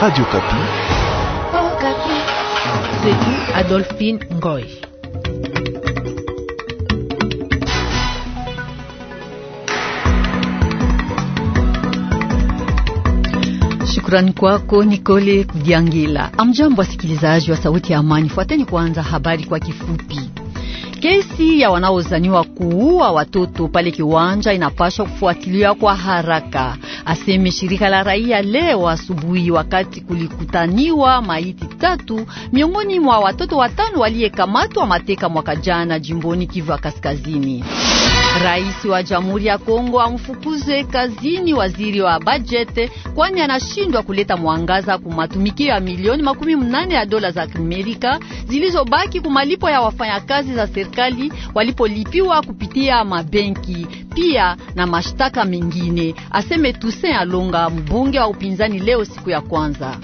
Radio Kapi. Oh, Kapi. C'est Adolphine Ngoy. Shukrani kwako Nikole Kudiangila. Amjambo wasikilizaji wa Sauti ya Amani, fuateni kwanza habari kwa kifupi. Kesi ya wanaozaniwa kuua watoto pale kiwanja inapashwa kufuatiliwa kwa haraka, aseme shirika la raia leo asubuhi, wakati kulikutaniwa maiti tatu miongoni mwa watoto watano waliyekamatwa mateka mwaka jana jimboni Kivu ya Kaskazini. Rais wa Jamhuri ya Kongo amfukuze kazini waziri wa bajete kwani anashindwa kuleta mwangaza ku matumikio ya milioni makumi mnane ya dola za Amerika zilizobaki kumalipo ya wafanyakazi za serikali walipolipiwa kupitia mabenki pia na mashtaka mengine, aseme tusen Alonga, mbunge wa upinzani leo siku ya kwanza.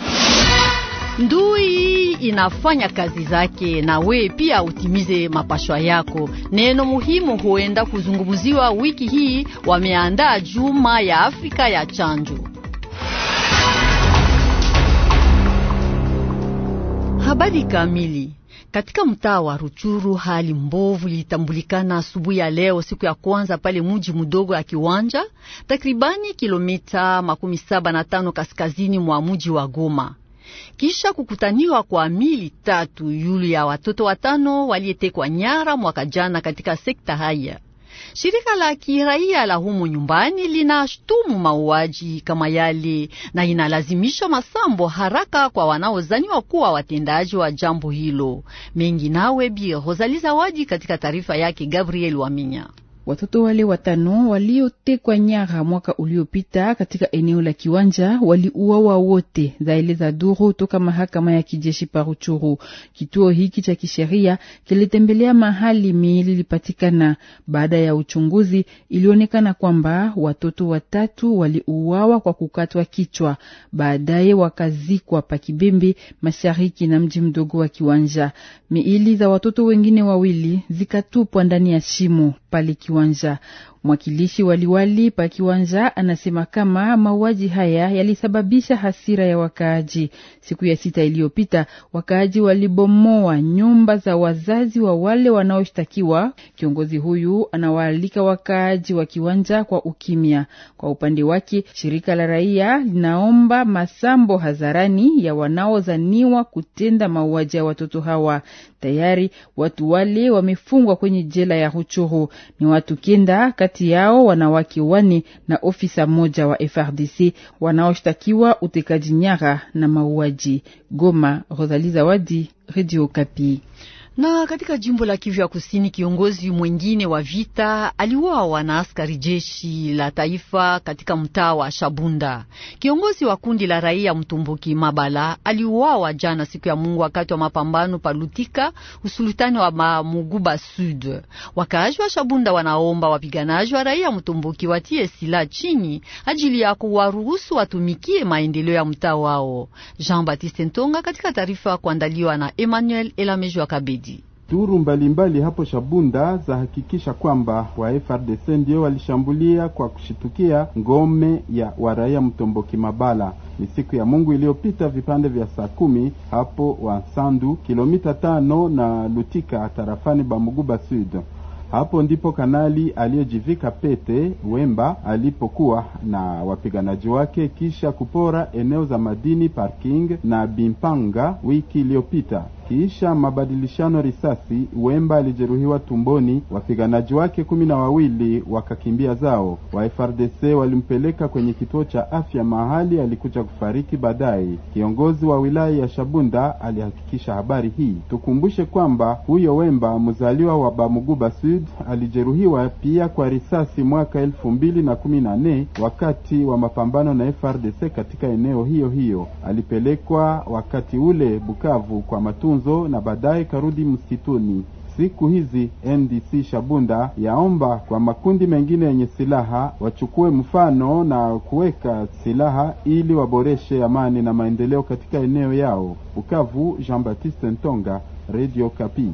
Ndui inafanya kazi zake na we pia utimize mapashwa yako. Neno muhimu huenda kuzungumziwa wiki hii, wameandaa juma ya Afrika ya chanjo. Habari kamili katika mtaa wa Ruchuru hali mbovu ilitambulikana asubuhi ya leo, siku ya kwanza pale muji mdogo ya Kiwanja, takribani kilomita makumi saba na tano kaskazini mwa muji wa Goma kisha kukutaniwa kwa mili tatu yuli ya watoto watano waliyetekwa nyara mwaka jana katika sekta haya. Shirika la kiraia la humo nyumbani linashtumu mauaji kama yale na inalazimisha masambo haraka kwa wanaozaniwa kuwa watendaji wa jambo hilo. Mengi nawe Bi Rosali Zawadi katika taarifa yake Gabriel Waminya. Watoto wale watano waliotekwa nyara mwaka uliopita katika eneo la Kiwanja waliuawa wote, zaeleza duru toka mahakama ya kijeshi Paruchuru. Kituo hiki cha kisheria kilitembelea mahali miili ilipatikana. Baada ya uchunguzi, ilionekana kwamba watoto watatu waliuawa kwa kukatwa kichwa, baadaye wakazikwa Pakibembe, mashariki na mji mdogo wa Kiwanja. Miili za watoto wengine wawili zikatupwa ndani ya shimo pale Kiwanja. Kiwanja. Mwakilishi waliwali pa Kiwanja anasema kama mauaji haya yalisababisha hasira ya wakaaji. Siku ya sita iliyopita, wakaaji walibomoa nyumba za wazazi wa wale wanaoshtakiwa. Kiongozi huyu anawaalika wakaaji wa Kiwanja kwa ukimya. Kwa upande wake, shirika la raia linaomba masambo hadharani ya wanaozaniwa kutenda mauaji ya watoto hawa. Tayari watu wale wamefungwa kwenye jela ya Huchuru. Ni watu watu kenda, kati yao wanawake wane na ofisa mmoja wa FRDC wanaoshtakiwa utekaji nyara na mauaji. Goma, rosali Zawadi, Radio Kapi. Na katika jimbo la Kivu ya Kusini, kiongozi mwengine wa vita aliuawa na askari jeshi la taifa katika mtaa wa Shabunda. Kiongozi wa kundi la raia Mtumbuki Mabala aliuawa jana siku ya Mungu wakati wa mapambano palutika usultani wa Mamuguba Sud. Wakaaji wa Shabunda wanaomba wapiganaji wa raia Mtumbuki watie silaha chini ajili ya kuwaruhusu watumikie maendeleo ya mtaa wao. Jean Baptiste Ntonga katika taarifa kuandaliwa na Emmanuel Elamejwa Kabidi. Duru mbalimbali hapo Shabunda zahakikisha kwamba wa FRDC ndio walishambulia kwa kushitukia ngome ya waraia Mtomboki Mabala. Ni siku ya Mungu iliyopita vipande vya saa kumi hapo Wasandu, kilomita tano na Lutika, tarafani Bamuguba Sud. Hapo ndipo kanali aliyejivika pete Wemba alipokuwa na wapiganaji wake kisha kupora eneo za madini parking na Bimpanga wiki iliyopita. Kisha mabadilishano risasi, Wemba alijeruhiwa tumboni. Wapiganaji wake kumi na wawili wakakimbia zao. Wa FRDC walimpeleka kwenye kituo cha afya mahali alikuja kufariki baadaye. Kiongozi wa wilaya ya Shabunda alihakikisha habari hii. Tukumbushe kwamba huyo Wemba mzaliwa wa Bamuguba Basi Sud alijeruhiwa pia kwa risasi mwaka elfu mbili na kumi na nne wakati wa mapambano na FRDC katika eneo hiyo hiyo. Alipelekwa wakati ule Bukavu kwa matunzo na baadaye karudi msituni. Siku hizi NDC Shabunda yaomba kwa makundi mengine yenye silaha wachukue mfano na kuweka silaha ili waboreshe amani na maendeleo katika eneo yao. Bukavu, Jean Baptiste Ntonga, Radio Kapi.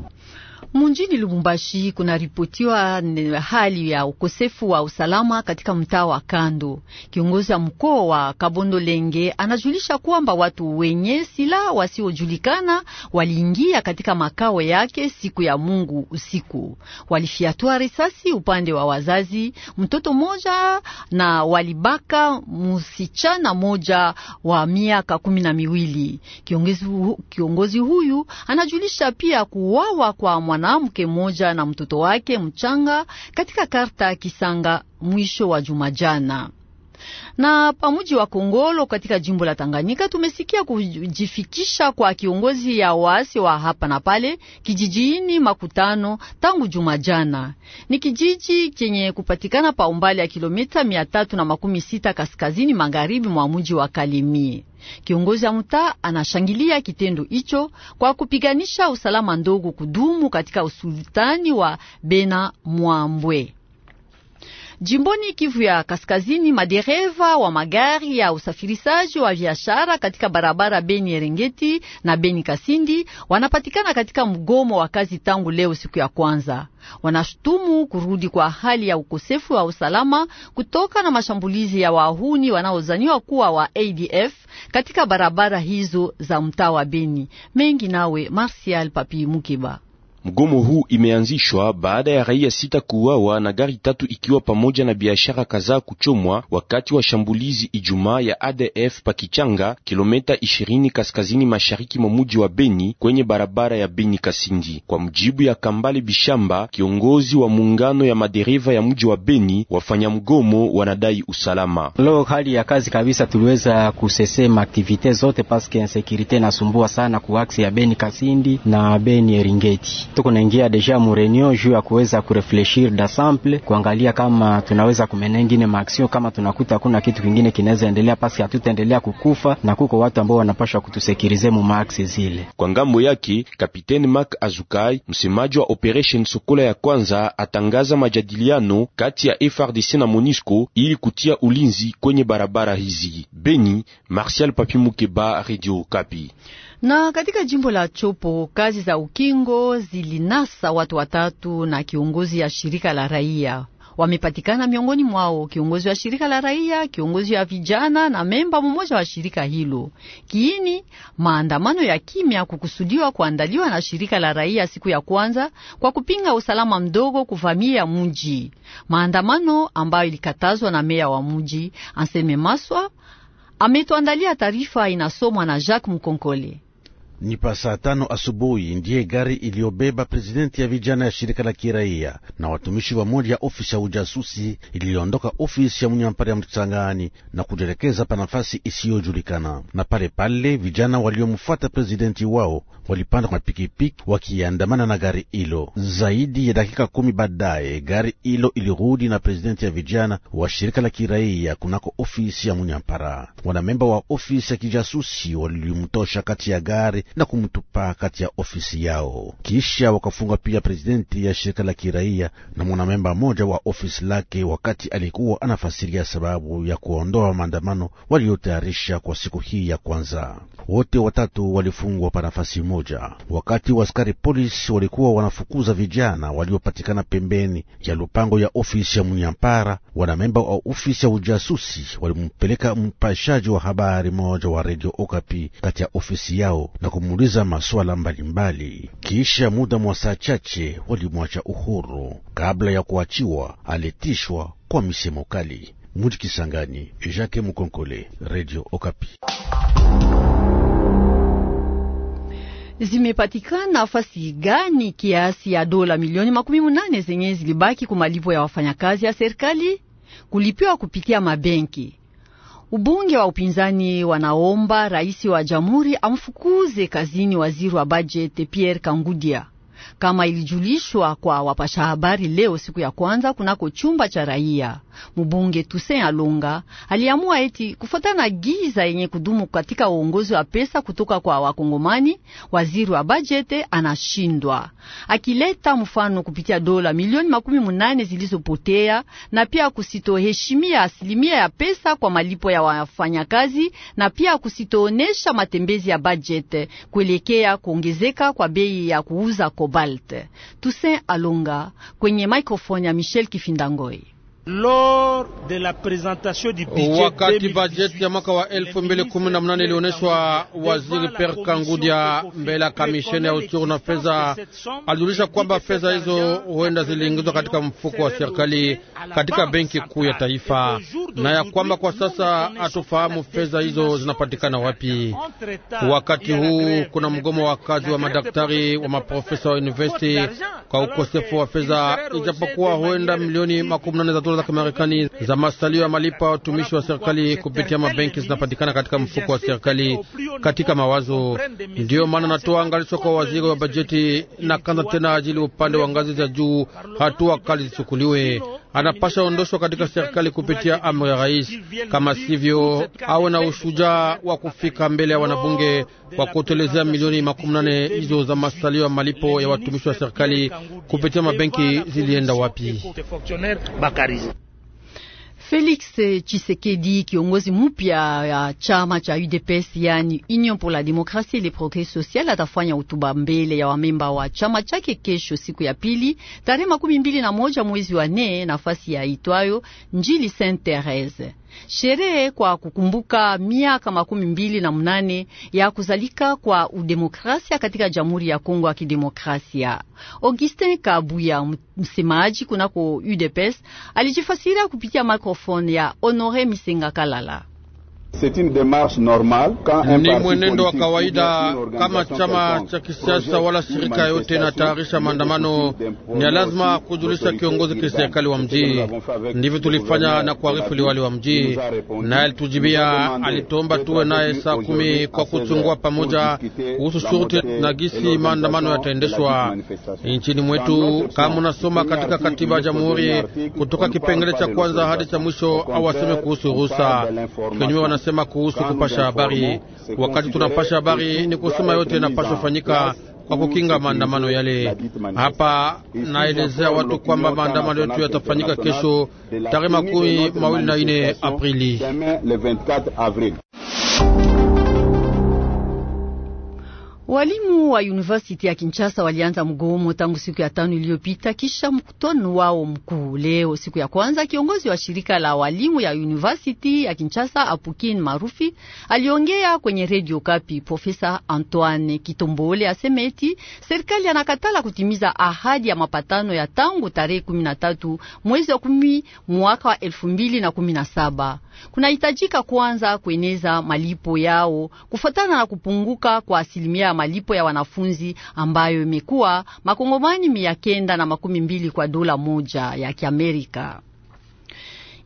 Munjini Lubumbashi kuna ripotiwa hali ya ukosefu wa usalama katika mtaa wa Kando. Kiongozi wa mkoa wa Kabondo Lenge anajulisha kwamba watu wenye silaha wasiojulikana waliingia katika makao yake siku ya Mungu usiku, walifyatua risasi upande wa wazazi, mtoto moja na walibaka msichana moja wa miaka kumi na miwili. Kiongozi, kiongozi huyu anajulisha pia kuwawa kwa mwana mwanamke mmoja na mtoto wake mchanga katika karta Kisanga mwisho wa juma jana. Na pamuji wa Kongolo katika jimbo la Tanganyika, tumesikia kujifikisha kwa kiongozi ya waasi wa hapa na pale kijijini Makutano tangu jumajana Ni kijiji chenye kupatikana pa umbali ya kilomita mia tatu na makumi sita kaskazini magharibi mwa muji wa Kalimi. Kiongozi ya mtaa anashangilia kitendo hicho kwa kupiganisha usalama ndogo kudumu katika usultani wa Bena Mwambwe. Jimboni Kivu ya Kaskazini, madereva wa magari ya usafirishaji wa biashara katika barabara Beni Erengeti na Beni Kasindi wanapatikana katika mgomo wa kazi tangu leo, siku ya kwanza. Wanashutumu kurudi kwa hali ya ukosefu wa usalama kutoka na mashambulizi ya wahuni wanaozaniwa kuwa wa ADF katika barabara hizo za mtaa wa Beni mengi. Nawe Marsial Papi Mukiba. Mgomo huu imeanzishwa baada ya raia sita kuuawa na gari tatu ikiwa pamoja na biashara kadhaa kuchomwa wakati wa shambulizi Ijumaa ya ADF Pakichanga, kilomita 20 kaskazini mashariki mwa muji wa Beni kwenye barabara ya Beni Kasindi. Kwa mujibu ya Kambale Bishamba, kiongozi wa muungano ya madereva ya muji wa Beni, wafanya mgomo wanadai usalama. Leo hali ya kazi kabisa, tuliweza kusesema aktivite zote paske insekirite nasumbua sana ku aksi ya Beni Kasindi na Beni Eringeti tuko naingia deja mureunion juu ya kuweza kurefleshir dasample kuangalia kama tunaweza kumena ingine maaksion kama tunakuta hakuna kitu kingine kinaweza endelea pasi hatutaendelea kukufa na kuko watu ambao wanapashwa kutusekirize mu maaksi zile. Kwa ngambo yake Kapiteni Mark Azukai, msemaji wa Operation Sokola ya kwanza, atangaza majadiliano kati ya frdc na MONUSCO ili kutia ulinzi kwenye barabara hizi. Beni, Martial Papimukeba, Radio Kapi. Na katika jimbo la Chopo kazi za ukingo zilinasa watu watatu na kiongozi ya shirika la raia wamepatikana miongoni mwao kiongozi wa shirika la raia, kiongozi wa vijana na memba mmoja wa shirika hilo. Kiini maandamano ya kimya kukusudiwa kuandaliwa na shirika la raia siku ya kwanza kwa kupinga usalama mdogo kuvamia mji, maandamano ambayo ilikatazwa na meya wa mji Anseme Maswa. Ametuandalia taarifa inasomwa na Jacques Mkonkole ni pa saa tano asubuhi ndiye gari iliyobeba prezidenti ya vijana ya shirika la kiraia na watumishi wa moja ya ofisi ya ujasusi iliyoondoka ofisi ya mnyampari ya Msangani na kujelekeza pa nafasi isiyojulikana. Na pale pale vijana waliomfuata prezidenti wao walipanda kwa pikipiki wakiandamana na gari hilo. Zaidi ya dakika kumi baadaye gari hilo ilirudi na prezidenti ya vijana wa shirika la kiraia kunako ofisi ya munyampara Wanamemba wa ofisi ya kijasusi walimtosha kati ya gari na kumtupa kati ya ofisi yao. Kisha wakafunga pia presidenti ya shirika la kiraia na mwanamemba mmoja wa ofisi lake, wakati alikuwa anafasiria sababu ya kuondoa maandamano waliotayarisha kwa siku hii ya kwanza. Wote watatu walifungwa pa nafasi moja, wakati waskari polisi walikuwa wanafukuza vijana waliopatikana pembeni ya lupango ya ofisi ya mnyampara. Wanamemba wa ofisi ya ujasusi walimpeleka mpashaji wa habari moja wa redio Okapi kati ya ofisi yao na kumuuliza masuala mbalimbali. Kisha muda mwa saa chache walimwacha uhuru. Kabla ya kuachiwa, alitishwa kwa misemo kali. Muji Kisangani, Jacques Mukonkole, Radio Okapi. Zimepatikana nafasi gani kiasi ya dola milioni makumi munane zenye zilibaki ku malipo ya wafanyakazi ya serikali kulipiwa kupitia mabenki Ubunge wa upinzani wanaomba rais wa jamhuri amfukuze kazini waziri wa bajeti Pierre Kangudia kama ilijulishwa kwa wapasha habari leo siku ya kwanza kunako chumba cha raia, mbunge Tusen alunga aliamua eti kufuatana giza yenye kudumu katika uongozi wa pesa kutoka kwa Wakongomani, waziri wa bajete anashindwa akileta mfano kupitia dola milioni makumi munane zilizopotea na pia kusitoheshimia asilimia ya pesa kwa malipo ya wafanyakazi na pia kusitoonesha matembezi ya bajete kuelekea kuongezeka kwa bei ya kuuza kobal. Health. Toussaint Alonga kwenye microphone ya Michel Kifindangoi. Wakati bajeti ya mwaka wa elfu mbili kumi na mnane ilionyeshwa, waziri Per Kangudia mbele ya kamisheni ya ushuru na fedha alijulisha kwamba fedha hizo huenda ziliingizwa katika mfuko wa serikali katika benki kuu ya taifa, na ya kwamba kwa sasa hatufahamu fedha hizo zinapatikana wapi. Wakati huu kuna mgomo wa kazi wa madaktari wa maprofesa wa university kwa ukosefu wa fedha, ijapokuwa huenda milioni makumi nane dola za Kimarekani za masalio ya malipo ya watumishi wa serikali kupitia mabenki zinapatikana katika mfuko wa serikali katika mawazo. Ndiyo maana natoa angalisho kwa waziri wa bajeti na kanza tena ajili upande wa ngazi za juu, hatua kali zichukuliwe anapasha ondoshwa katika serikali kupitia amri ya rais, kama sivyo awe na ushujaa wa kufika mbele ya wanabunge kwa kutelezea milioni makumi nane hizo za masalio ya malipo ya watumishi wa serikali kupitia mabenki zilienda wapi? Felix Tshisekedi kiongozi mpya ya chama cha UDPS yani Union pour la Demokrasia et le Progres Social atafanya hotuba mbele ya wamemba wa chama chake kesho, siku ya pili tarehe makumi mbili na moja mwezi wa nne, nafasi ya itwayo Njili Saint Therese sherehe kwa kukumbuka miaka makumi mbili na mnane ya kuzalika kwa udemokrasia katika Jamhuri ya Kongo ya Kidemokrasia. Augustin Kabuya, msemaji kunako UDPS, alijifasiria kupitia microphone ya Honore Misenga Kalala. Ni mwenendo wa kawaida kama chama cha kisiasa wala shirika yote inatayarisha maandamano, ni lazima kujulisha kiongozi kiserikali wa mji. Ndivyo tulifanya na kuarifu liwali wa mji, naye alitujibia, alituomba tuwe naye saa kumi kwa kuchungua pamoja kuhusu shurti na gisi maandamano yataendeshwa nchini mwetu. Kama unasoma katika katiba ya jamhuri kutoka kipengele cha kwanza hadi cha mwisho, au waseme kuhusu ruhusa kinyume tunasema kuhusu kupasha habari. Wakati tunapasha habari, ni kusema yote inapaswa fanyika kwa kukinga maandamano yale. Hapa naelezea watu kwamba maandamano yetu yatafanyika kesho tarehe makumi mawili na ine Aprili. Walimu wa University ya Kinshasa walianza mgomo tangu siku ya tano iliyopita kisha mkutano wao mkuu leo siku ya kwanza. Kiongozi wa shirika la walimu ya University ya Kinshasa Apukin Marufi aliongea kwenye Radio Kapi. Profesa Antoine Kitombole aseme eti serikali anakatala kutimiza ahadi ya mapatano ya tangu tarehe 13 mwezi wa 10 mwaka wa 2017. Kunahitajika kuanza kueneza malipo yao kufuatana na kupunguka kwa asilimia malipo ya wanafunzi ambayo imekuwa makongomani mia kenda na makumi mbili kwa dola moja ya Kiamerika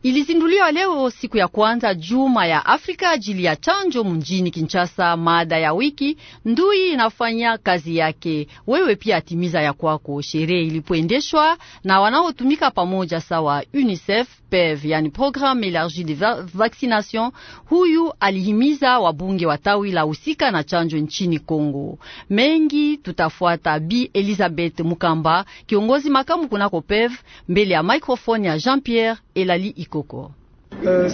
ilizinduliwa leo siku ya kwanza juma ya Afrika ajili ya chanjo mjini Kinshasa. Mada ya wiki ndui inafanya kazi yake, wewe pia atimiza ya kwako. Sherehe ilipoendeshwa na wanaotumika pamoja sawa UNICEF PEV, yani Programme elargi de Vaccination. Huyu alihimiza wabunge wa tawi la husika na chanjo nchini Kongo. Mengi tutafuata Bi Elizabeth Mukamba, kiongozi makamu kunako PEV, mbele ya microphone ya Jean Pierre Elali Iko. 姑姑。Euh,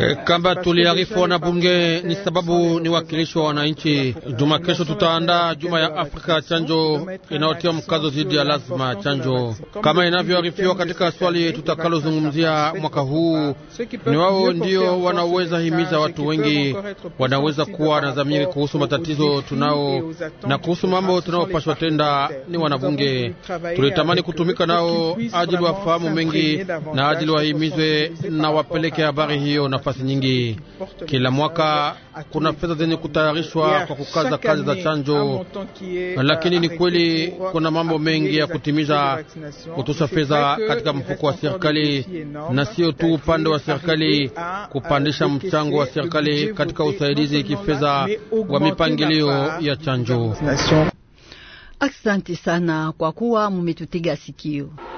eh, kamba tuliarifu wanabunge, ni sababu ni wakilishi wa wananchi. Juma kesho tutaandaa juma ya Afrika ya chanjo inayotia mkazo dhidi ya lazima ya chanjo, kama inavyoarifiwa katika swali tutakalozungumzia mwaka huu. Ni wao ndio wanaweza himiza watu wengi, wanaweza kuwa na dhamiri kuhusu matatizo tunao na kuhusu mambo tunayopashwa tenda. Ni wanabunge, tulitamani kutumika nao ajili wafahamu mengi na ajili wahimizwe na wapeleke habari hiyo nafasi nyingi. Kila mwaka kuna fedha zenye kutayarishwa kwa kukaza kazi za chanjo, lakini euh, ni kweli kuna mambo mengi ya kutimiza, kutosha fedha katika mfuko wa serikali na sio tu upande wa serikali, euh, kupandisha mchango wa serikali katika usaidizi kifedha wa mipangilio ya chanjo. Asante sana kwa kuwa mumetutiga sikio.